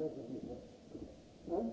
Thank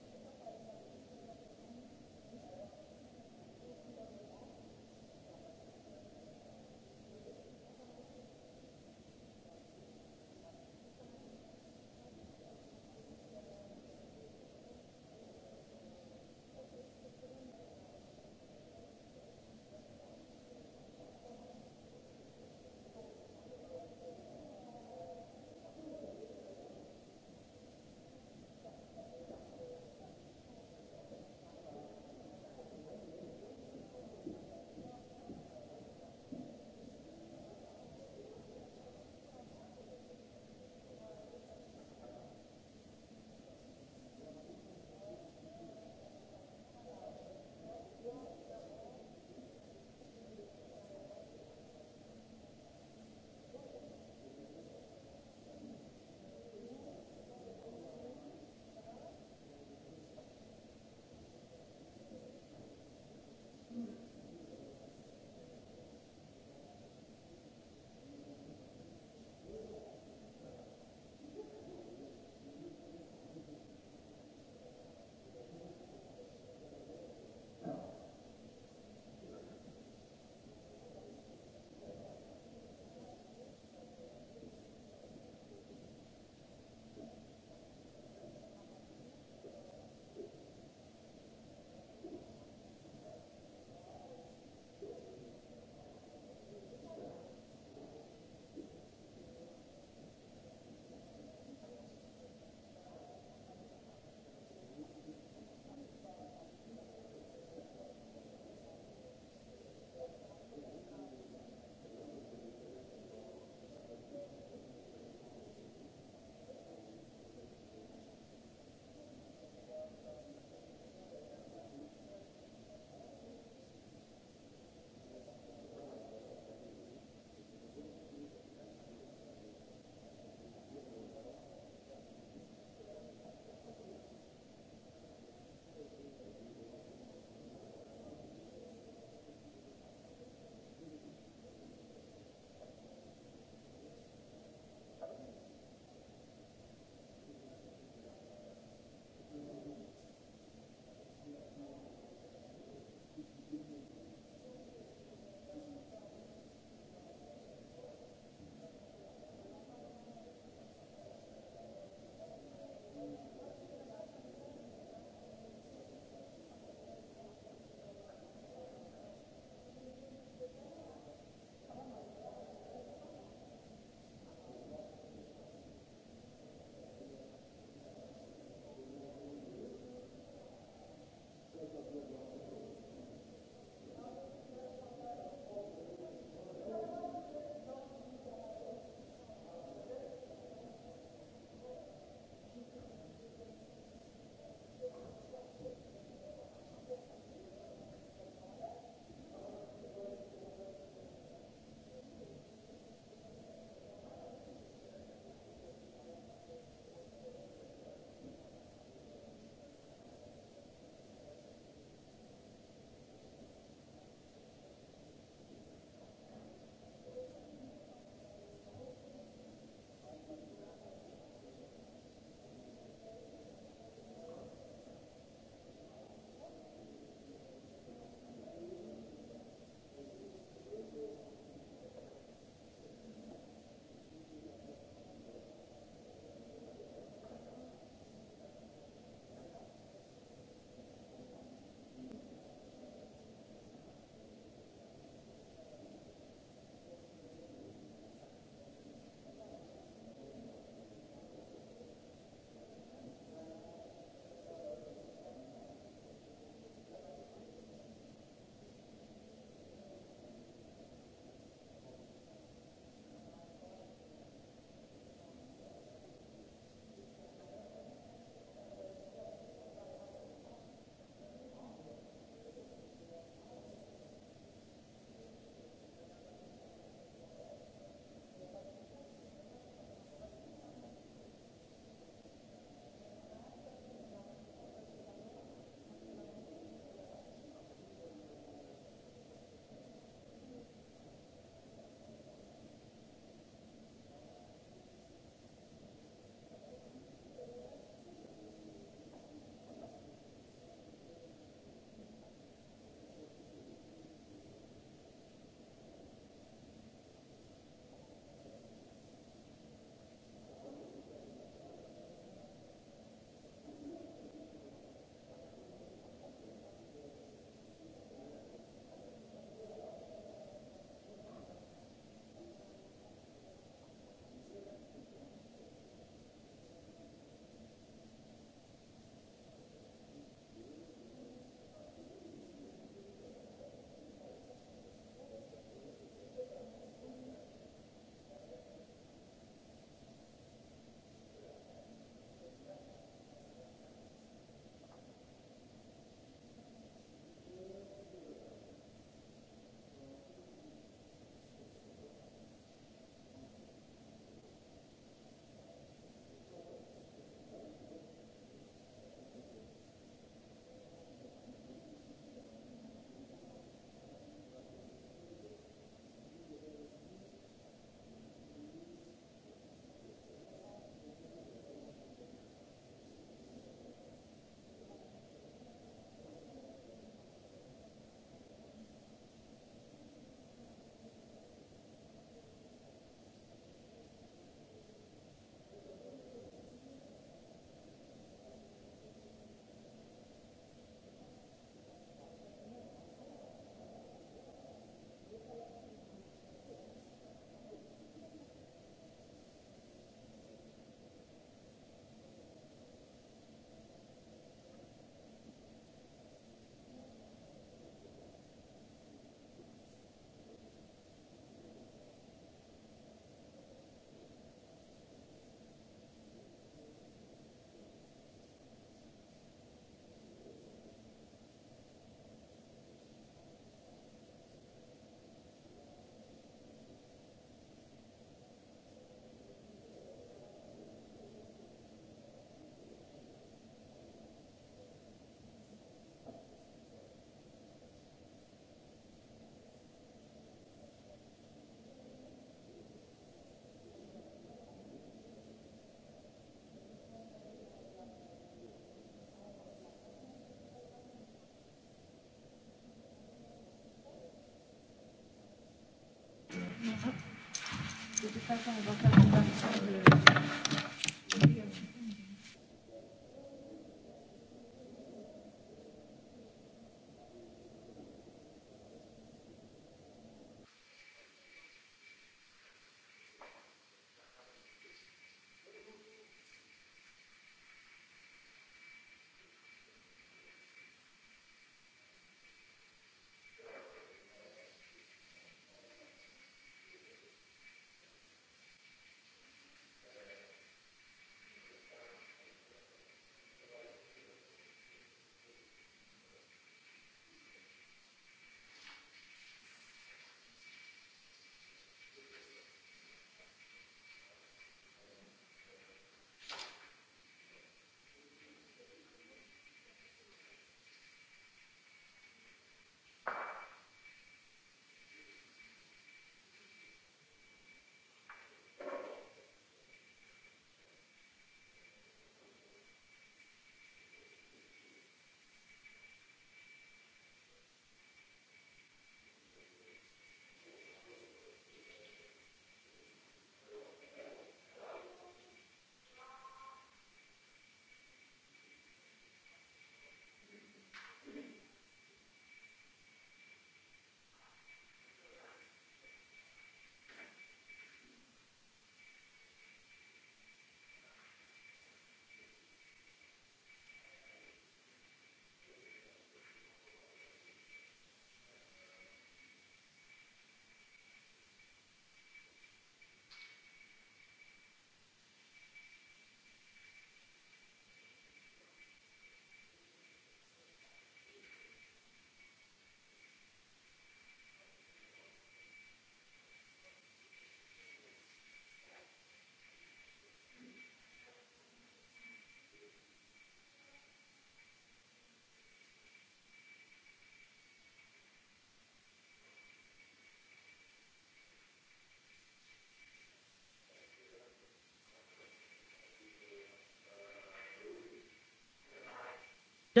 Die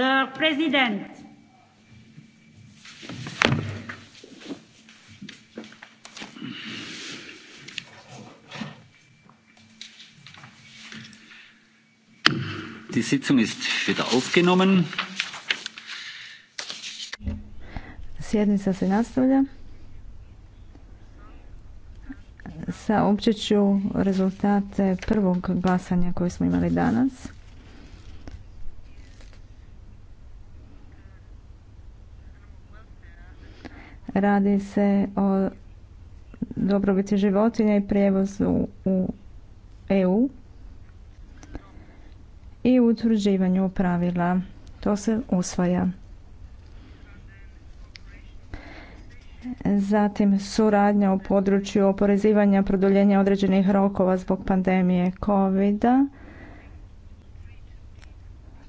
ist wieder aufgenommen. Sjednica se nastavlja. Saopćit ću rezultate prvog glasanja koje smo imali danas. Radi se o dobrobiti životinja i prijevozu u EU i utvrđivanju pravila. To se usvaja. Zatim suradnja u području oporezivanja produljenja određenih rokova zbog pandemije covid -a.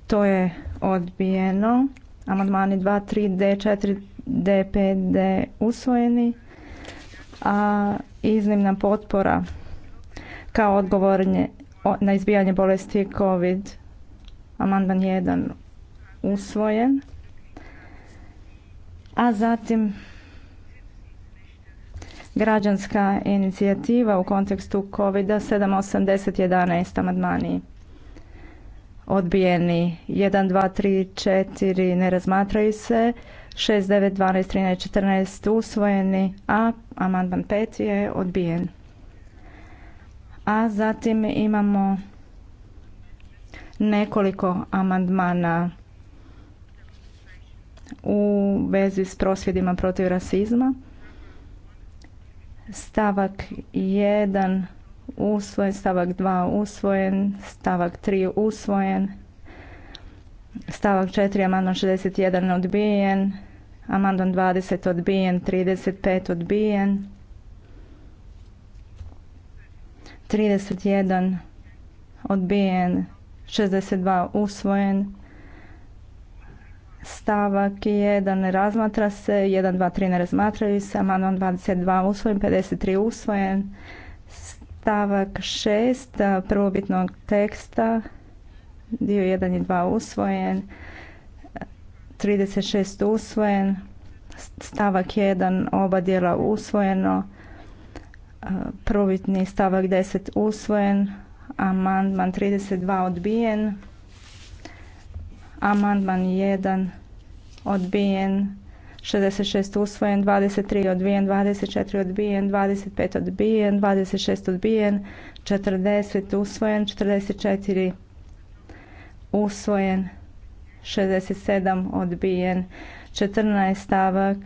To je odbijeno. Amandmani 2, 3, D, DPD usvojeni, a iznimna potpora kao odgovor na izbijanje bolesti COVID amandman 1 usvojen. A zatim građanska inicijativa u kontekstu COVID-a 7.80.11 amandmani odbijeni 1, 2, 3, 4 ne razmatraju se 6, 9, 12, 13, 14 usvojeni, a amandman 5 je odbijen. A zatim imamo nekoliko amandmana u vezi s prosvjedima protiv rasizma. Stavak 1 usvojen, stavak 2 usvojen, stavak 3 usvojen, stavak 4 amandman 61 odbijen, Amandman 20 odbijen, 35 odbijen. 31 odbijen, 62 usvojen. Stavak 1 ne razmatra se, 1, 2, 3 ne razmatraju se, amandman 22 usvojen, 53 usvojen. Stavak 6 prvobitnog teksta, dio 1 i 2 usvojen. 36 usvojen, stavak 1 oba dijela usvojeno, prvobitni stavak 10 usvojen, amandman 32 odbijen, amandman 1 odbijen, 66 usvojen, 23 odbijen, 24 odbijen, 25 odbijen, 26 odbijen, 40 usvojen, 44 usvojen, 67 odbijen, 14 stavak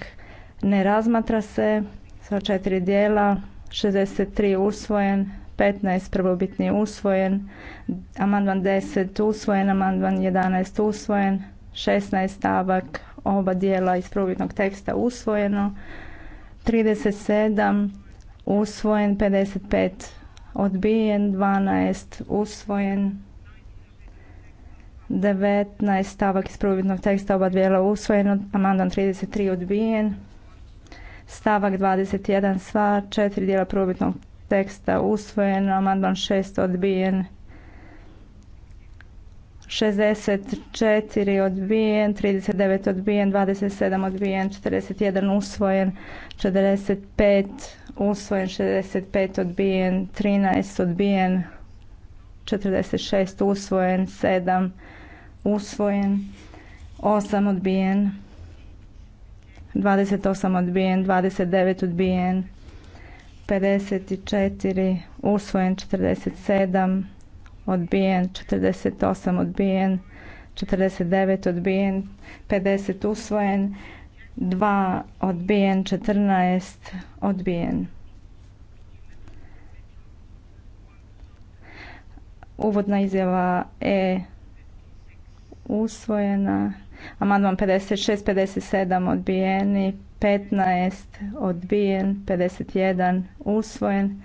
ne razmatra se, sva četiri dijela, 63 usvojen, 15 prvobitni usvojen, amandman 10 usvojen, amandman 11 usvojen, 16 stavak oba dijela iz prvobitnog teksta usvojeno, 37 usvojen, 55 odbijen, 12 usvojen, 19 stavak iz prvobitnog teksta oba dvijela usvojeno, amandman 33 odbijen, stavak 21 sva četiri dijela prvobitnog teksta usvojeno, amandman 6 odbijen, 64 odbijen, 39 odbijen, 27 odbijen, 41 usvojen, 45 usvojen, 65 odbijen, 13 odbijen, 46 usvojen, 7 usvojen, 8 odbijen, 28 odbijen, 29 odbijen, 54 usvojen, 47 odbijen, 48 odbijen, 49 odbijen, 50 usvojen, 2 odbijen, 14 odbijen. Uvodna izjava E usvojena. Amandman 56, 57 odbijeni, 15 odbijen, 51 usvojen,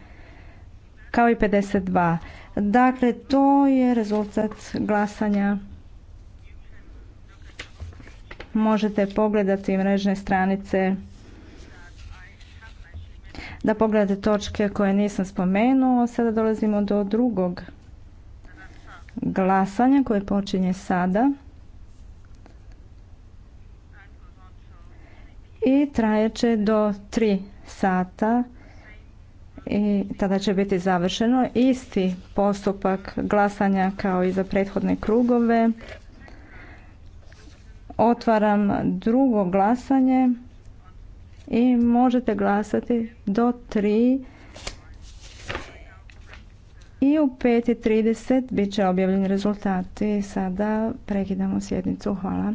kao i 52. Dakle, to je rezultat glasanja. Možete pogledati mrežne stranice da pogledate točke koje nisam spomenuo. Sada dolazimo do drugog glasanja koje počinje sada. i trajeće do 3 sata i tada će biti završeno isti postupak glasanja kao i za prethodne krugove. Otvaram drugo glasanje i možete glasati do 3 i u 5.30 bit će objavljeni rezultati. Sada prekidamo sjednicu. Hvala.